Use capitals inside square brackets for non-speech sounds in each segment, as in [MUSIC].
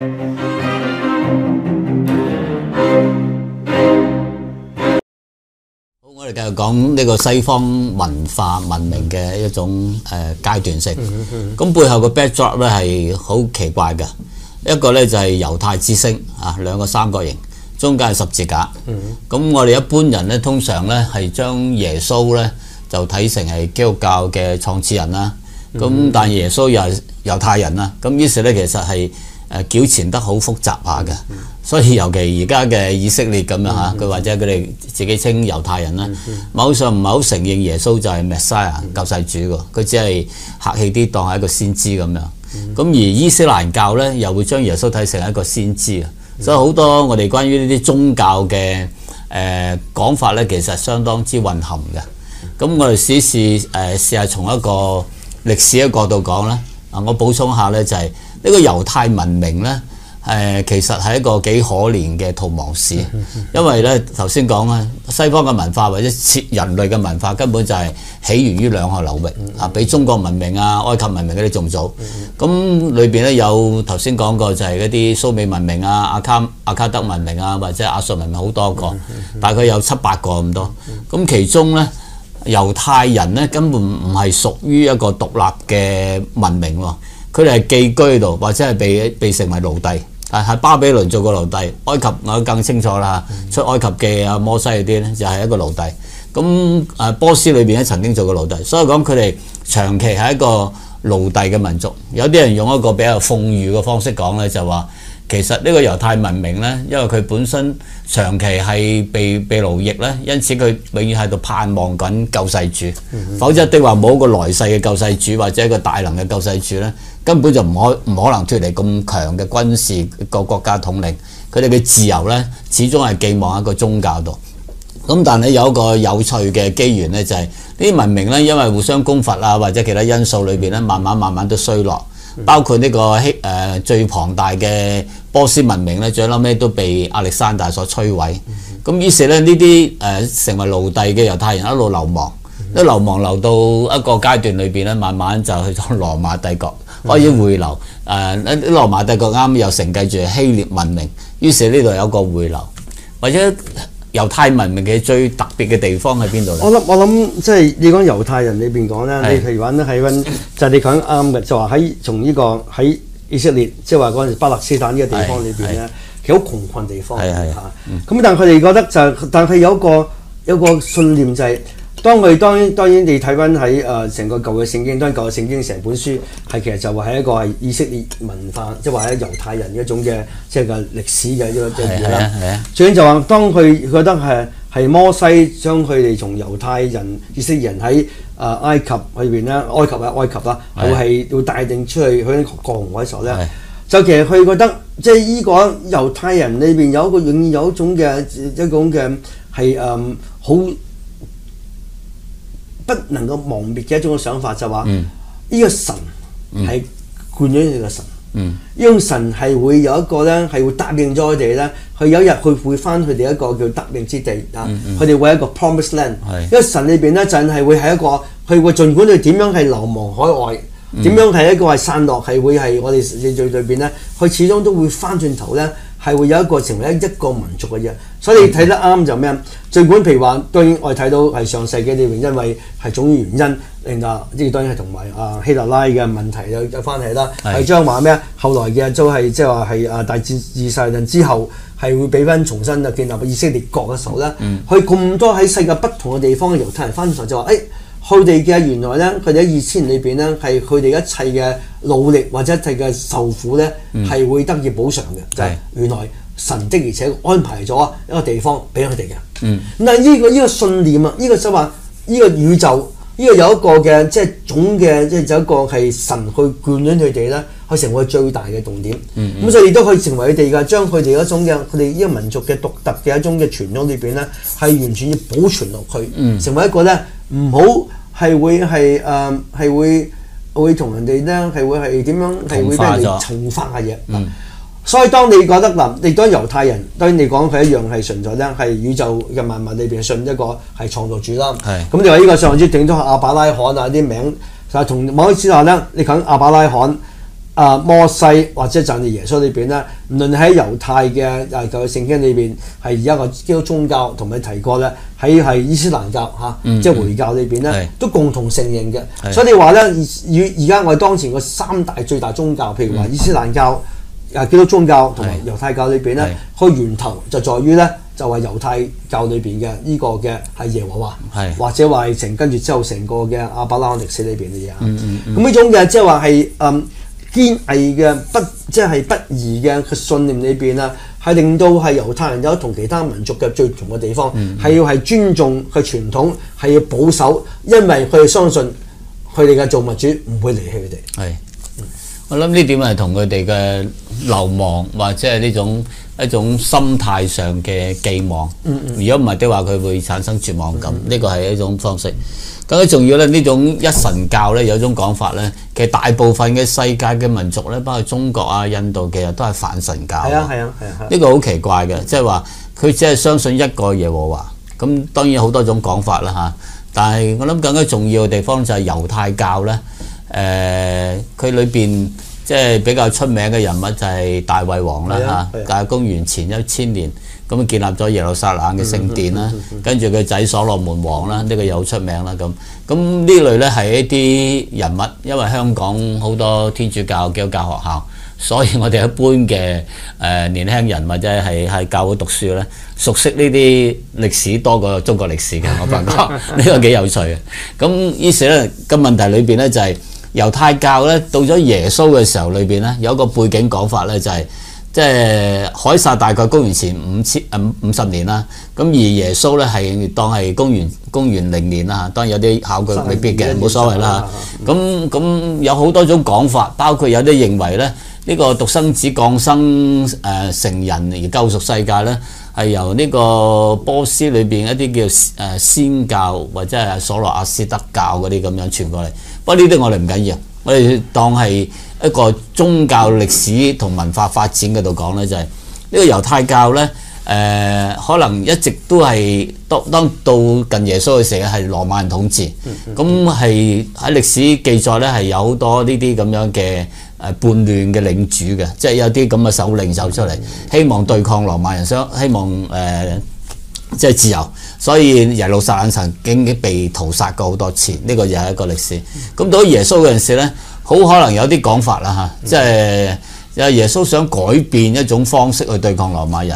好，我哋繼續講呢個西方文化文明嘅一種誒階、呃、段性。咁、嗯嗯、背後嘅 backdrop 咧係好奇怪嘅，一個咧就係、是、猶太之星啊，兩個三角形中間係十字架。咁、嗯、我哋一般人咧通常咧係將耶穌咧就睇成係基督教嘅創始人啦。咁、嗯、但耶穌又係猶太人啦，咁於是咧其實係。誒糾纏得好複雜下嘅，嗯、所以尤其而家嘅以色列咁樣嚇，佢、嗯嗯、或者佢哋自己稱猶太人啦，嗯嗯、某上唔係好承認耶穌就係 Messiah、嗯、救世主嘅，佢只係客氣啲當係一個先知咁樣。咁、嗯、而伊斯蘭教呢，又會將耶穌睇成一個先知啊。嗯、所以好多我哋關於呢啲宗教嘅誒講法呢，其實相當之混含嘅。咁、嗯、我哋試試誒試下從一個歷史嘅角度講啦。啊，我補充下呢、就係，就係。呢個猶太文明呢，誒其實係一個幾可憐嘅逃亡史，因為呢，頭先講啊，西方嘅文化或者人類嘅文化根本就係起源於兩河流域啊，比中國文明啊、埃及文明嗰啲仲早。咁裏面呢，有頭先講過就係嗰啲蘇美文明啊、阿卡阿卡德文明啊，或者亞述文明好多個，大概有七八個咁多。咁其中呢，猶太人呢，根本唔係屬於一個獨立嘅文明喎。佢哋係寄居度，或者係被被成為奴隸。啊，喺巴比倫做過奴隸，埃及我更清楚啦。出埃及嘅啊、摩西嗰啲咧，就係、是、一個奴隸。咁波斯裏面咧曾經做過奴隸，所以講佢哋長期係一個奴隸嘅民族。有啲人用一個比較奉裕嘅方式講咧，就話、是、其實呢個猶太文明咧，因為佢本身長期係被被奴役咧，因此佢永遠喺度盼望緊救世主，嗯嗯否則的話冇一個來世嘅救世主或者一個大能嘅救世主咧。根本就唔可唔可能脫離咁強嘅軍事各國家統領，佢哋嘅自由咧，始終係寄望一個宗教度。咁但係有一個有趣嘅機緣呢，就係呢啲文明呢，因為互相攻伐啊，或者其他因素裏邊呢，慢慢慢慢都衰落。包括呢、呢個希、呃、最龐大嘅波斯文明呢，最尾都被亞歷山大所摧毀。咁於是呢，呢啲誒成為奴隸嘅猶太人一路流亡，一流亡流到一個階段裏邊呢，慢慢就去咗羅馬帝國。可以回流，誒啲羅馬帝國啱又承繼住希臘文明，於是呢度有個回流。或者猶太文明嘅最特別嘅地方喺邊度咧？我諗我諗即係你講猶太人裏邊講咧，的你譬如話喺温就係你講啱嘅，就話、是、喺從呢、這個喺以色列，即係話嗰陣巴勒斯坦呢個地方裏邊咧，佢好窮困地方嚇，咁、嗯、但係佢哋覺得就但係有一個有一個信念就係、是。當佢當然當然你睇翻喺誒成個舊嘅聖經，當然舊嘅聖經成本書係其實就話係一個係以色列文化，即係話喺猶太人一種嘅即係個歷史嘅一個嘢啦。係啊最緊就話當佢覺得係係摩西將佢哋從猶太人以色列人喺誒埃及裏面啦，埃及啊埃及啦，會係要帶定出去去國外嘅時候咧。的就其實佢覺得即係依個猶太人裏面有一個有有一種嘅一種嘅係誒好。是嗯很不能夠亡滅嘅一種嘅想法就話，呢、嗯、個神係灌咗你嘅神，呢、嗯、個神係會有一個咧，係會答應咗我哋咧，佢有一日佢會翻佢哋一個叫得命之地啊，佢哋會一個 promised land，是因為神裏邊咧就係會係一個，佢會儘管佢點樣係流亡海外，點、嗯、樣係一個係散落，係會係我哋聖經裏邊咧，佢始終都會翻轉頭咧。係會有一個成為一個民族嘅嘢，所以你睇得啱就咩？儘是的 管譬如話，當然我哋睇到係上世紀裏邊，因為係種原因，令到即係當然係同埋啊希特拉嘅問題有有關係啦。係將話咩？後來嘅都係即係話係啊大戰二世陣之後，係會俾翻重新啊建立以色列國嘅時候咧，佢咁、嗯、多喺世界不同嘅地方嘅猶太人翻上就話：，誒、哎，佢哋嘅原來咧，佢哋喺二千年裏邊咧，係佢哋一切嘅。努力或者一啲嘅受苦咧，係會得以補償嘅。嗯、就係原來神的，而且安排咗一個地方俾佢哋嘅。嗯、但啊，呢個呢個信念啊，呢、呢個即係話呢個宇宙，呢、呢個有一個嘅即係總嘅，即係有一個係神去眷戀佢哋咧，係成為最大嘅重點。咁、嗯嗯、所以亦都可以成為佢哋嘅，將佢哋一種嘅佢哋呢個民族嘅獨特嘅一種嘅傳統裏邊咧，係完全要保存落去，嗯、成為一個咧唔好係會係誒係會。會同人哋呢，係會係點樣係會俾人哋重化嘢，嗯、所以當你覺得嗱，你當猶太人，當然你講佢一樣係存在呢，係宇宙嘅萬物裏邊信一個係創造主啦。咁是、嗯、你話呢個上知整咗亞伯拉罕啊啲名，同某一次話呢，你講亞伯拉罕，啊！摩西或者甚至耶穌裏邊咧，唔論喺猶太嘅誒教嘅聖經裏邊，係而家個基督宗教同埋提過咧，喺係伊斯蘭教嚇，啊嗯嗯、即係回教裏邊咧，是都共同承認嘅。是所以你話咧，與而家我哋當前個三大最大宗教，譬如話伊斯蘭教、誒是、啊、基督宗教同埋猶太教裏邊咧，佢是源頭就在於咧，就係猶太教裏邊嘅呢個嘅係耶和華，是或者話成跟住之後成個嘅阿伯拉罕歷史裏邊嘅嘢。咁呢種嘅即係話係嗯。嗯嗯堅毅嘅不即係、就是、不移嘅信念裏邊啊，係令到係猶太人有同其他民族嘅最同嘅地方，係、嗯嗯、要係尊重佢傳統，係要保守，因為佢哋相信佢哋嘅造物主唔會離棄佢哋。係，我諗呢點係同佢哋嘅流亡或者係呢種。一種心態上嘅寄望，如果唔係的話，佢會產生絕望感。呢個係一種方式。更加重要咧，呢種一神教咧，有一種講法咧，其實大部分嘅世界嘅民族咧，包括中國啊、印度，其實都係反神教。係啊，係啊，係啊。呢個好奇怪嘅，即係話佢只係相信一個耶和華。咁當然好多種講法啦嚇，但係我諗更加重要嘅地方就係猶太教咧，誒、呃，佢裏邊。即係比較出名嘅人物就係大衛王啦吓，但係公元前一千年咁啊，建立咗耶路撒冷嘅聖殿啦，跟住佢仔所羅門王啦，呢的個又好出名啦咁。咁呢類咧係一啲人物，因為香港好多天主教基督教學校，所以我哋一般嘅誒、呃、年輕人或者係喺教會讀書咧，熟悉呢啲歷史多過中國歷史嘅，我發覺呢 [LAUGHS] 個幾有趣嘅。咁於是咧個問題裏邊咧就係、是。猶太教咧，到咗耶穌嘅時候裏邊咧，有一個背景講法咧，就係即係凱撒大概公元前五千五五十年啦。咁而耶穌咧係當係公元公元零年啦嚇。當然有啲考據未必嘅，冇所謂啦。咁咁有好多種講法，包括有啲認為咧，呢個獨生子降生誒成人而救贖世界咧，係由呢個波斯裏邊一啲叫誒祆教或者係瑣羅亞斯德教嗰啲咁樣傳過嚟。不過呢啲我哋唔緊要緊，我哋當係一個宗教歷史同文化發展嗰度講呢，就係、是、呢個猶太教呢，誒、呃、可能一直都係當當到近耶穌嘅時候係羅馬人統治，咁係喺歷史記載呢，係有好多呢啲咁樣嘅誒叛亂嘅領主嘅，即係有啲咁嘅首領走出嚟，希望對抗羅馬人，想希望誒、呃、即係自由。所以耶路撒冷曾經被屠殺過好多次，呢個又係一個歷史。咁、嗯嗯、到咗耶穌嗰陣時咧，好可能有啲講法啦嚇，即係因為耶穌想改變一種方式去對抗羅馬人，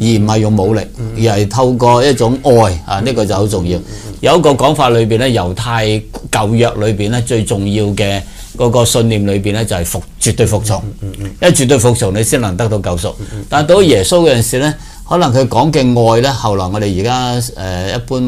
而唔係用武力，而係透過一種愛啊，呢個就好重要。有一個講法裏邊呢，猶太舊約裏邊呢，最重要嘅嗰個信念裏邊呢，就係服絕對服從，因為絕對服從你先能得到救贖。但係到咗耶穌嗰陣時咧。可能佢講嘅愛咧，後來我哋而家誒一般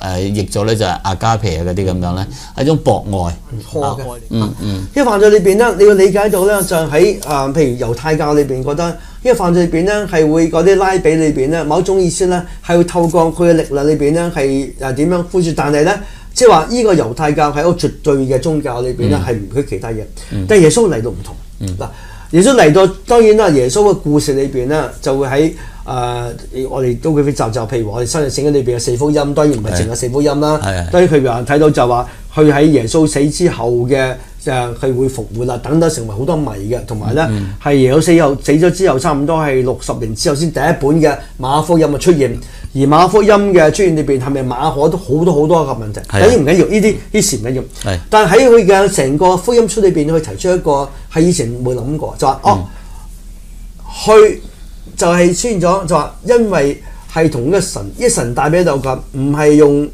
誒譯咗咧，就係阿加皮嗰啲咁樣咧，係一種博愛錯嘅、啊嗯，嗯嗯。因為犯罪裏邊咧，你要理解到咧，就喺、是、啊、呃，譬如猶太教裏邊覺得，因為犯罪裏邊咧係會嗰啲拉比裏邊咧某種意思咧係會透過佢嘅力量裏邊咧係誒點樣呼住，但係咧即係話呢個猶太教係一個絕對嘅宗教裏邊咧係唔許其他嘢，嗯、但係耶穌嚟到唔同嗱、嗯，耶穌嚟到當然啦，耶穌嘅故事裏邊咧就會喺。誒、呃，我哋都幾複雜。就譬如我哋新約聖經裏邊嘅四福音，當然唔係淨係四福音啦。當然佢話睇到就話，佢喺耶穌死之後嘅就係會復活啦，等等成為好多謎嘅。同埋咧，係耶穌死後，嗯、後死咗之後，差唔多係六十年之後先第一本嘅馬福音嘅出現。而馬福音嘅出現裏邊係咪馬可都好多好多嘅問題？啲唔的緊要，呢啲啲事唔緊要。的但喺佢嘅成個福音書裏邊，佢提出一個係以前冇諗過，就話、是嗯、哦，去。就係宣咗就話，因為係同一神，一神帶俾大家，唔係用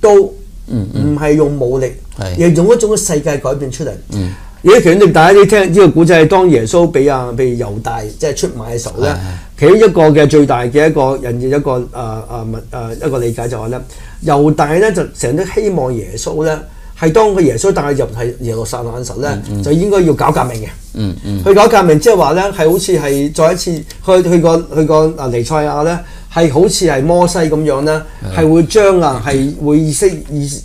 刀，唔係、嗯嗯、用武力，的而用一種世界改變出嚟。而、嗯、其實，我大家你聽呢、這個古仔，當耶穌俾啊俾猶大即係、就是、出賣嘅時候咧，的其中一個嘅最大嘅一個人嘅一個誒誒物誒一個理解就係、是、咧，猶大咧就成日都希望耶穌咧。係當個耶穌帶佢入係耶路撒冷嘅時候咧，嗯嗯、就應該要搞革命嘅、嗯。嗯嗯，去搞革命即係話咧，係好似係再一次去去過去過啊尼賽亞咧，係好似係摩西咁樣咧，係會將啊係會以色列、以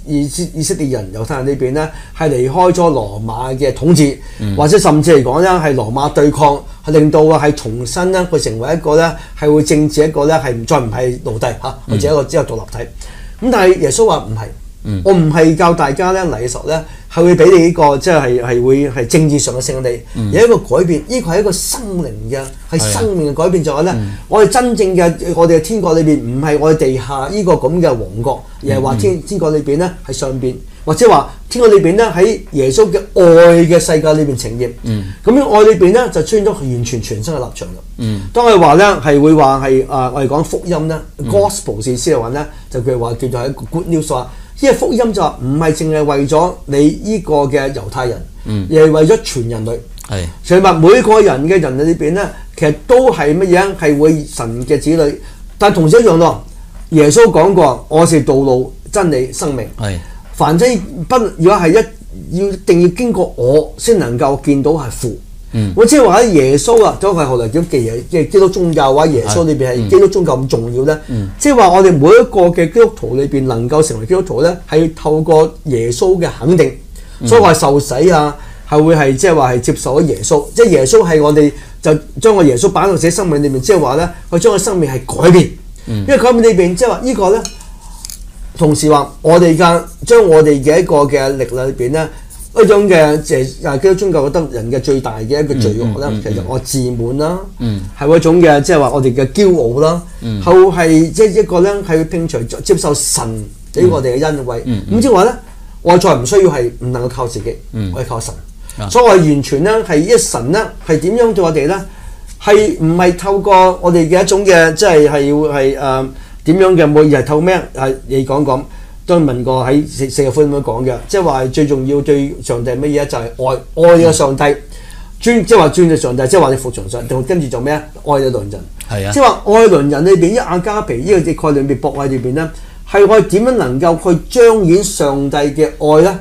以色列人猶太人呢邊咧，係離開咗羅馬嘅統治，嗯、或者甚至嚟講咧係羅馬對抗，令到啊係重新咧佢成為一個咧係會政治一個咧係再唔係奴隸吓，或者一個之後獨立體。咁、嗯、但係耶穌話唔係。嗯、我唔係教大家咧禮俗咧，係會俾你呢、這個即係係會係政治上嘅勝利，有、嗯、一個改變。呢個係一個生靈嘅係生命嘅改變的就話咧、嗯，我哋真正嘅我哋嘅天國裏面唔係我哋地下呢個咁嘅王國，嗯、而係話天天國裏面咧喺上邊，或者話天國裏面咧喺耶穌嘅愛嘅世界裏面呈現。咁樣、嗯、愛裏面咧就出現咗完全全新嘅立場。嗯，當我話咧係會話係、呃、我哋講福音咧，Gospel 意思嚟話咧就叫話叫做係 good news。呢個福音就話唔係淨係為咗你呢個嘅猶太人，嗯，而係為咗全人類。係、嗯，所以話每個人嘅人類裏邊咧，其實都係乜嘢？係會神嘅子女，但同時一樣咯。耶穌講過：我是道路、真理、生命。係的，凡真不如果係一要，一定要經過我先能夠見到係父。我、嗯、即係話喺耶穌啊，都係後來叫基督，即係基督，基督宗教啊，耶穌裏邊係基督宗教咁重要咧。嗯、即係話我哋每一個嘅基督徒裏邊能夠成為基督徒咧，係透過耶穌嘅肯定，嗯、所以受洗啊，係會係即係話係接受咗耶穌。嗯、即係耶穌係我哋就將個耶穌擺到自己生命裏面，即係話咧，佢將個生命係改變。嗯、因為佢變裏邊，即係話呢個咧，同時話我哋嘅將我哋嘅一個嘅力量裏邊咧。一種嘅即係啊基督宗教覺得人嘅最大嘅一個罪惡咧，嗯嗯嗯嗯、其實我自滿啦，係、嗯、一種嘅即係話我哋嘅驕傲啦，後係即係一個咧係要摒除接受神俾我哋嘅恩惠。咁即係話咧我再唔需要係唔能夠靠自己，嗯、我係靠神，嗯、所以我完全咧係一神咧係點樣對我哋咧？係唔係透過我哋嘅一種嘅即係係要係誒點樣嘅？每而係透過咩？誒你講講。都問過喺四四日寬咁樣講嘅，即係話最重要最上帝係乜嘢就係、是、愛愛嘅上帝尊，即係話尊著上帝，即係話你服從上帝，跟住做咩啊？愛咗鄰人啊，即係話愛鄰人裏邊，一亞加皮呢個概念裡面博愛裏邊咧係我哋點樣能夠去彰顯上帝嘅愛咧？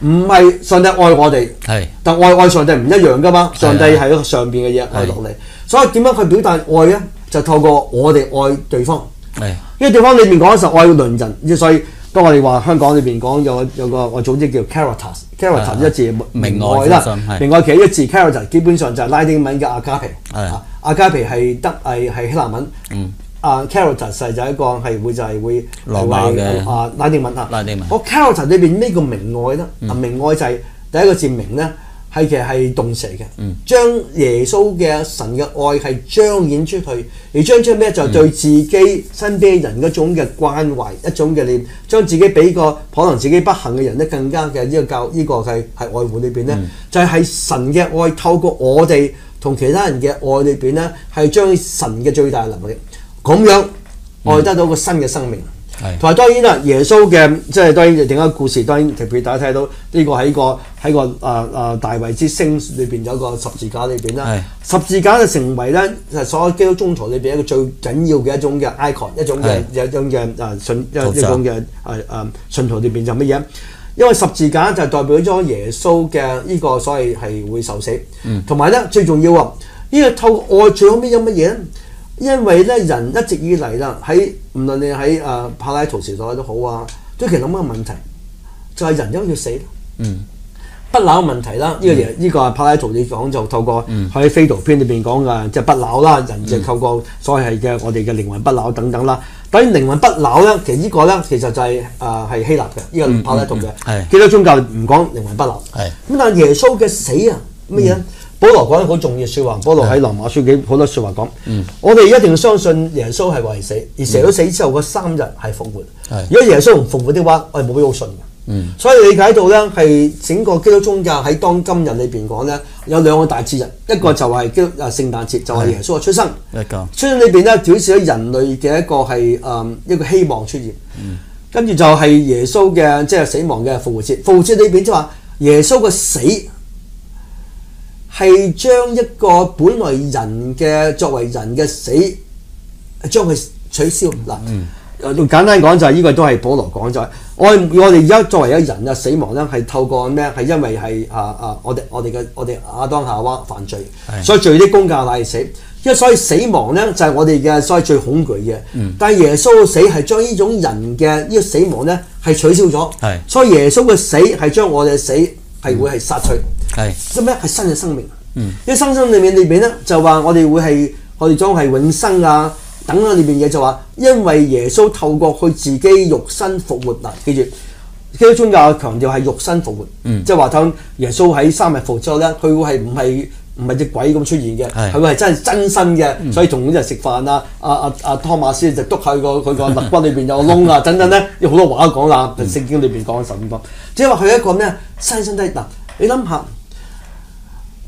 唔係上帝愛我哋是但愛愛上帝唔一樣噶嘛。上帝係一個上邊嘅嘢愛落嚟，所以點樣去表達愛咧？就透過我哋愛對方是因為對方裏面講嘅愛愛鄰人，所以。咁我哋話香港裏邊講有個有個我總之叫 caritas，caritas 一字明愛啦，是的明愛其實一字的 caritas 基本上就係拉丁文嘅阿卡皮，阿阿加皮係的、啊、德，係希臘文，嗯，啊、uh, caritas 實際就係一個會就係會是羅馬嘅啊拉丁文啊拉丁文，我 caritas 裏邊呢個、嗯、明愛啦，明愛就係第一個字名咧。係其實係動詞嚟嘅，將耶穌嘅神嘅愛係彰顯出去，而彰顯咩就是、對自己身邊人嗰種嘅關懷，一種嘅念，將自己俾個可能自己不幸嘅人咧，更加嘅呢個教呢、這個係係愛護裏邊咧，嗯、就係神嘅愛透過我哋同其他人嘅愛裏邊咧，係將神嘅最大能力咁樣愛得到個新嘅生命。同埋是當然啦，耶穌嘅即係當然，就點解故事當然特別大家睇到呢個喺個喺個啊啊大衛之星裏邊有一個十字架裏邊啦，是十字架就成為咧，就係所有基督宗教裏邊一個最緊要嘅一種嘅 icon，一種嘅是一種嘅啊信者一種嘅啊啊信徒裏邊就乜嘢？因為十字架就代表咗耶穌嘅呢個所謂係會受死，同埋咧最重要啊，呢個透過愛長咩嘢乜嘢？因為咧，人一直以嚟啦，喺唔論你喺誒柏拉圖時代都好啊，最其實諗一個問題，就係人因唔要死？嗯，不朽問題啦，呢個嘢呢個柏拉圖你講就透過喺《斐多篇裡》裏邊講嘅，即係不朽啦，人就透過所謂嘅我哋嘅靈魂不朽等等啦。當然靈魂不朽咧，其實呢個咧，其實就係誒係希臘嘅呢個柏拉圖嘅，基督宗教唔講靈魂不朽。係咁、嗯、但係耶穌嘅死啊，乜嘢？保羅講得好重要嘅說話，保羅喺羅馬書記好多說話講。嗯的我哋一定要相信耶穌係為死，而死咗死之後嗰的三日係復活。的如果耶穌唔復活的話，我哋冇必要信嘅。的所以理解到咧，係整個基督宗教喺當今日裏邊講咧，有兩個大節日，一個就係聖的誕節，就係耶穌嘅出生。一的出生裏邊咧，表示咗人類嘅一個係誒一個希望出現。是的跟住就係耶穌嘅即係死亡嘅復活節，復活節裏邊即係話耶穌嘅死。係將一個本來人嘅作為人嘅死，將佢取消。嗱、嗯，誒、嗯，簡單講就係、是、呢、這個都係保羅講，就係我我哋而家作為一人嘅死亡咧，係透過咩？係因為係啊啊，我哋我哋嘅我哋亞、啊、當夏娃犯罪，所以罪的工價帶死。因為所以死亡咧就係我哋嘅，所以最恐懼嘅。但係耶穌嘅死係將呢種人嘅呢個死亡咧係取消咗。所以耶穌嘅死係將我哋嘅死係會係殺取。係，咩？咧係新嘅生命，啊。嗯，因為新生裏面裏邊咧就話，我哋會係我哋講係永生啊，等啊裏邊嘢就話，因為耶穌透過佢自己肉身復活嗱，記住基督宗教強調係肉身復活，即係話等耶穌喺三日復之後咧，佢會係唔係唔係隻鬼咁出現嘅，佢、嗯、會係真係真身嘅，所以同啲人食飯啊，阿阿阿湯馬斯就篤喺個佢個肋骨裏邊有個窿啊， [LAUGHS] 等等咧，有好多話講啦，聖經裏邊講咗十五個，即係話佢一個咩新生低嗱、啊，你諗下。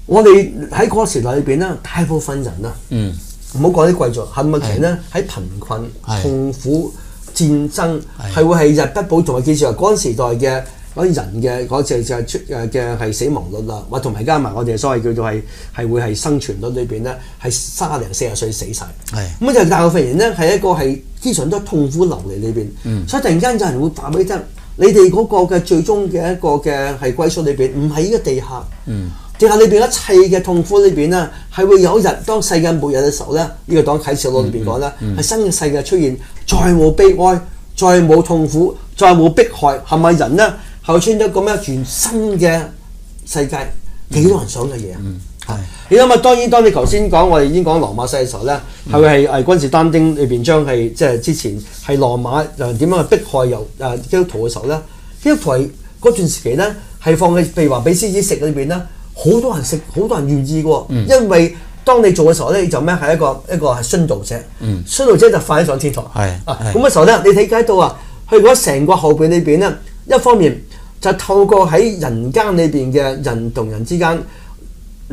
我哋喺嗰個時代裏邊咧，大部分人啦，唔好講啲貴族，係問題咧喺貧困、是痛苦、戰爭，係是會係日不保的，同埋記住嗰陣時代嘅嗰啲人嘅嗰隻隻出誒嘅係死亡率啦，或同埋加埋我哋所謂叫做係係會係生存率裏邊咧，係三十零四十歲死曬，咁就大部分人咧係一個係經常都痛苦流離裏邊，嗯、所以突然間有人會打畀你聽。你哋嗰個嘅最終嘅一個嘅係歸宿裏邊，唔係呢個地下，地下裏邊一切嘅痛苦裏邊咧，係會有一日當世界末日嘅時候咧，呢、這個黨啟示錄裏邊講啦，係、嗯嗯、新嘅世界出現，再冇悲哀，再冇痛苦，再冇迫害，係咪人咧？後遷咗咁樣全新嘅世界，幾多，多人想嘅嘢啊？嗯嗯你諗下，當然，當你頭先講我哋已經講羅馬世嘅時候咧，係咪係誒軍事丹丁裏邊將係即係之前係羅馬誒點樣去逼害由誒基督徒嘅時候咧，基督徒嗰段時期咧係放喺譬如話俾獅子食裏邊咧，好多人食，好多人願意嘅喎，因為當你做嘅時候咧，你就咩係一個一個係殉道者，殉道者就快上天堂，係咁嘅時候咧，你睇解到啊，佢嗰成個後背裏邊咧，一方面就透過喺人間裏邊嘅人同人之間。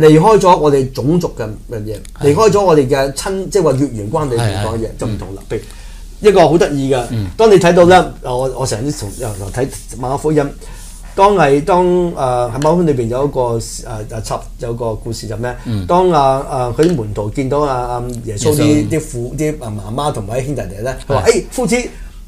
離開咗我哋種族嘅嘅嘢，離開咗我哋嘅親，即係話血緣關係嚟講嘅，就唔同啦。譬如一個好得意嘅，當你睇到咧，我我成日都從睇馬可福音，當係當誒喺馬可福音裏邊有一個誒插有個故事就咩？當阿阿佢啲門徒見到阿阿耶穌啲啲父啲阿媽媽同埋啲兄弟哋咧，佢話：誒，夫子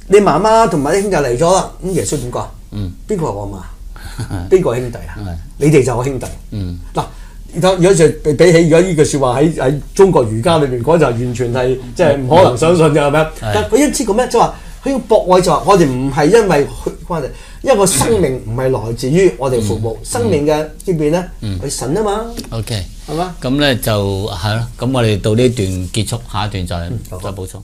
你媽媽同埋啲兄弟嚟咗啦，咁耶穌點講？嗯，邊個係我媽？邊個兄弟啊？你哋就我兄弟。嗯，嗱。如果就比起而家呢句説話，喺喺中國儒家裏邊講就完全係，即係唔可能相信嘅係咪？嗯、吧但佢一知個咩？就係話佢要博愛就話、是、我哋唔係因為血關係，因為生命唔係來自於我哋服務、嗯、生命嘅邊邊咧？佢神啊嘛。OK，係嘛吧？咁咧就係咯。咁我哋到呢段結束，下一段就再,的再補充。